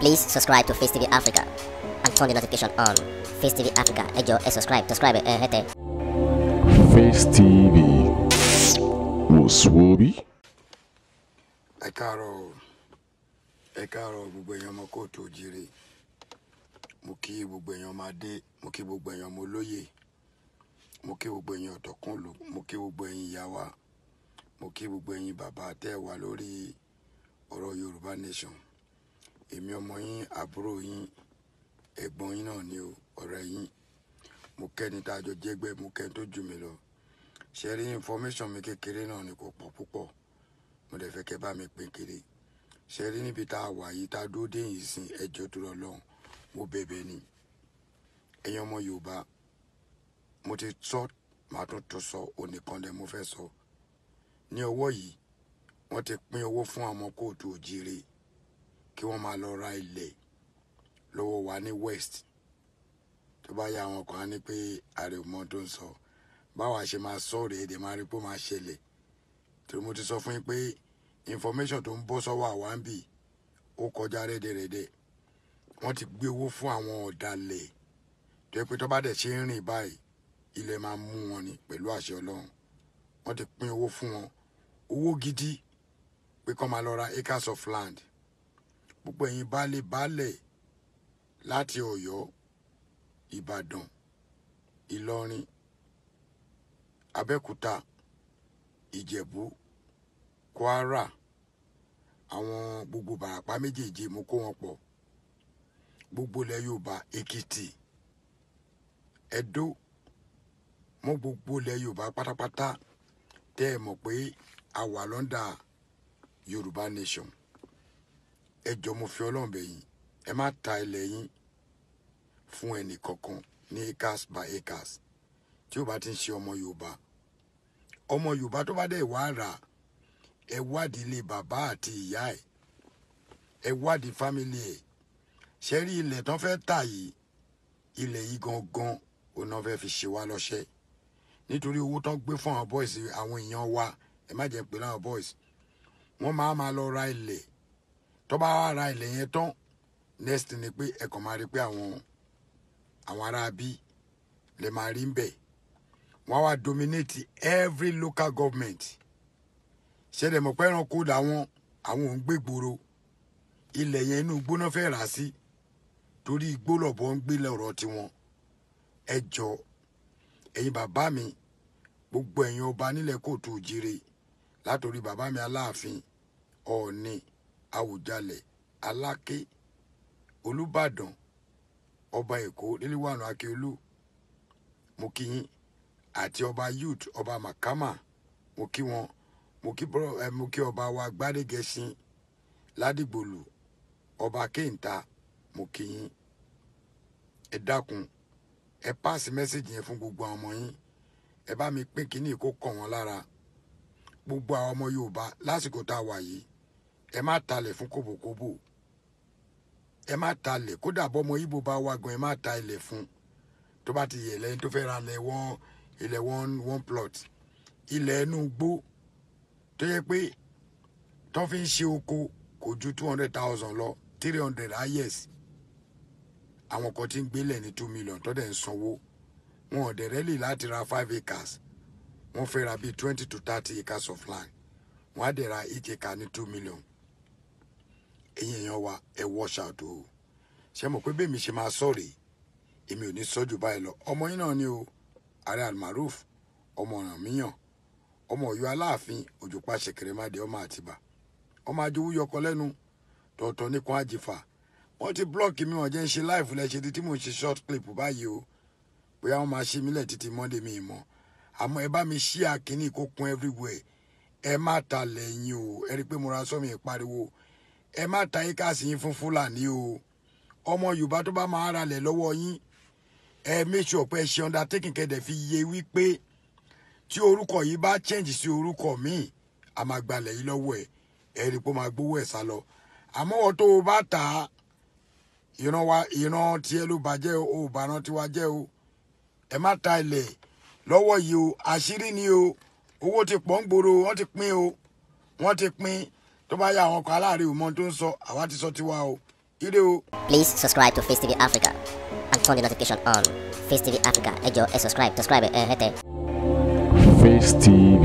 Please subscribe to Face TV Africa and turn the notification on. Face TV Africa, ẹ jọ̀ọ́ subscribe, subscribe ẹ hẹ́tẹ̀. Face TV wò Ekaro. Ekaro, Ẹ káàárọ̀ o, ẹ káàárọ̀ gbogbo èèyàn ọmọ loye. òjìrè. Mo kí gbogbo èèyàn yawa. adé, mo kí gbogbo èèyàn ọmọ olóyè. Nation èmi ọmọ yín àbúrò yín ẹ̀gbọ́n yín náà ni o ọ̀rẹ́ yín mo kẹ́ni tá a jọ jẹ́gbẹ́ mo kẹ́ni tó jù mí lọ ṣe rí information mi kékeré náà ni kò pọ̀ púpọ̀ mo lè fẹ́ kẹ́ bá mi pín kiri ṣe rí níbi tá a wà yìí tá a dúró dé yìí sin ẹjọ́ tó lọ lọ́hùn mo bẹ̀bẹ̀ ni ẹ̀yin ọmọ Yorùbá mo ti sọ màá tún tún sọ onìkan lẹ mo fẹ́ sọ ní ọwọ́ yìí wọ́n ti pín owó fún àwọn kóòtù òjìire kí wọ́n máa lọ ra ilẹ̀ lọ́wọ́ wa ní west tó bá yá àwọn kan á ní pé ààrẹ òmò tó ń sọ báwa ṣe máa sọ rèé èdè máa rí pé ó máa ṣẹlẹ̀ torí mo ti sọ fún yín pé information tó ń bọ́ sọ́wọ́ àwa ń bì ó kọjá rẹ́dẹ̀rẹ́dẹ̀ wọ́n ti gbé owó fún àwọn ọ̀dàlẹ̀ tó yẹ pé tó bá dẹ̀ ṣe ń rìn báyìí ilẹ̀ máa mú wọn ni pẹ̀lú àṣẹ ọlọ́run wọ́n ti pín owó fún wọn owó gidi pé kó máa lọ ra acres of land gbogbo ẹ̀yin baálé baálẹ̀ láti Ọ̀yọ́ Ìbàdàn Ìlọrin Abẹ́òkúta Ìjẹ̀bú Kwara àwọn gbogbo bàràpá méjèèjì mo kó wọn pọ̀ gbogbo ilẹ̀ Yorùbá Èkìtì Ẹdó mọ gbogbo ilẹ̀ Yorùbá pátápátá tẹ́ ẹ mọ̀ pé a wà lọ́ndà Yorùbá nation ẹ jọ mo fi Ọlọ́run bẹ̀ yín ẹ má ta ilẹ̀ yín fún ẹnì kankan ní acres by acres tí ó bá ti ń ṣe ọmọ Yorùbá ọmọ Yorùbá tó bá dẹ̀ wá rà ẹ wádìí ilé bàbá àti ìyá ẹ̀ ẹ wádìí fámìlì ẹ̀ ṣe rí ilẹ̀ tán fẹ́ tà yìí ilẹ̀ yìí gangan òun náà fẹ́ fi ṣe wá lọ́ṣẹ́ nítorí owó tán gbé fún àwọn boys àwọn èèyàn wa ẹ má jẹ́ pé láwọn boys wọ́n máa máa lọ ra ilẹ̀ tó bá wá ra ilẹ̀ yẹn tán next ni pé ẹ kàn máa rí pé àwọn àwọn ará bí lè máa rí ń bẹ̀ wọ́n wá dominate every local government ṣẹlẹ̀ mọ̀ pé ẹranko làwọn àwọn ò ń gbé gbòòrò ilẹ̀ yẹn inú igbó náà fẹ́ rà sí torí igbó lọ̀bọ̀ ń gbé lọ́rọ̀ tiwọn ẹ jọ ẹ̀yin bàbá mi gbogbo ẹ̀yin ọba nílẹ̀ kóòtù òjire látòrí bàbá mi aláàfin ọ̀ọ́ni. Oh, àwùjalẹ̀ aláké olùbàdàn ọba èkó níléwàánu akíolú mo kí yín àti ọba youth ọba makama mo kí wọn mo kí bro ẹ eh, mo kí ọba wa gbádégẹṣin ládìgbòlù ọba kéńtà mo kí yín ẹ dákun ẹ páàsì mẹ́sẹ̀gì yẹn fún gbogbo àwọn ọmọ yín ẹ bá mi pín kínní kó kàn wọ́n lára gbogbo àwọn ọmọ yorùbá lásìkò tá a wà yìí ẹ má talẹ̀ fún kòbòkòbò ẹ má talẹ̀ kódà bọ́mọ ibo bá wá gan ẹ má ta ilẹ̀ fún tó bá ti yẹ lẹ́yìn tó fẹ́ ra ilẹ̀ wọ́n ilẹ̀ one one plot ilẹ̀ ẹnu gbó tó yẹ pé tó fi ń ṣe oko kò ju two hundred thousand lọ three hundred ayes àwọn kan ti ń gbélẹ̀ ní two million tó dẹ̀ ń sanwó wọn ò dẹ̀ rẹ́lì láti ra five acres wọ́n fẹ́ ra bíi twenty to thirty acres of land wọ́n á dẹ̀ ra eight acres ní two million ẹ̀yin èèyàn wa ẹ wash out o ṣé mọ̀ pé bẹ́ẹ̀ mi ṣe máa sọ rèé èmi ò ní sọ jù báyìí lọ ọmọ yín náà ni o ààrẹ almaroof ọmọ ọ̀ràn míyàn ọmọ Ọ̀yọ́ aláàfin òjòpá ṣèkèrè máde ọmọ Àtìbà ọmọ ajowó yọkọ lẹ́nu tọ̀ọ̀tọ̀ nìkan àjìfà wọ́n ti blọọkì mi wọ́n jẹ́ ń ṣe láìfù lẹ́ṣẹ̀ títí mò ń ṣe short clip báyìí o bóyá wọ́n máa ṣe mílẹ̀ títí Monday mi mọ́ àmọ́ ẹ bá mi ṣí àkíní kó everywhere ẹ má ta lẹ́yìn o ẹ rí i pé mo ra sọ́mi ìpariwo. E ẹ má ta acres yín fún fúlàní o ọmọ yorùbá tó bá máa ra lẹ̀ lọ́wọ́ yín ẹ make sure pé ẹ ṣe undertaking kẹ́dẹ̀ fi yé wípé tí orúkọ yìí bá change sí orúkọ míì a máa gbalẹ̀ yìí lọ́wọ́ ẹ̀ ẹ rí i pé ó máa gbowó ẹ̀ sá lọ àmọ́ wọ́n tó o bá ta ìran wa ìran tiẹ̀ ló bàjẹ́ o ò bá ran tiwa jẹ́ o ẹ má ta ilẹ̀ lọ́wọ́ yìí o àṣírí ni o owó ti pọ̀ ń gbòòrò wọ́n ti pín o wọ́n ti pín tó yá sọ please subscribe to Face TV Africa and turn the notification on Face TV Africa ẹ ẹ subscribe subscribe ẹ hẹtẹ. Face TV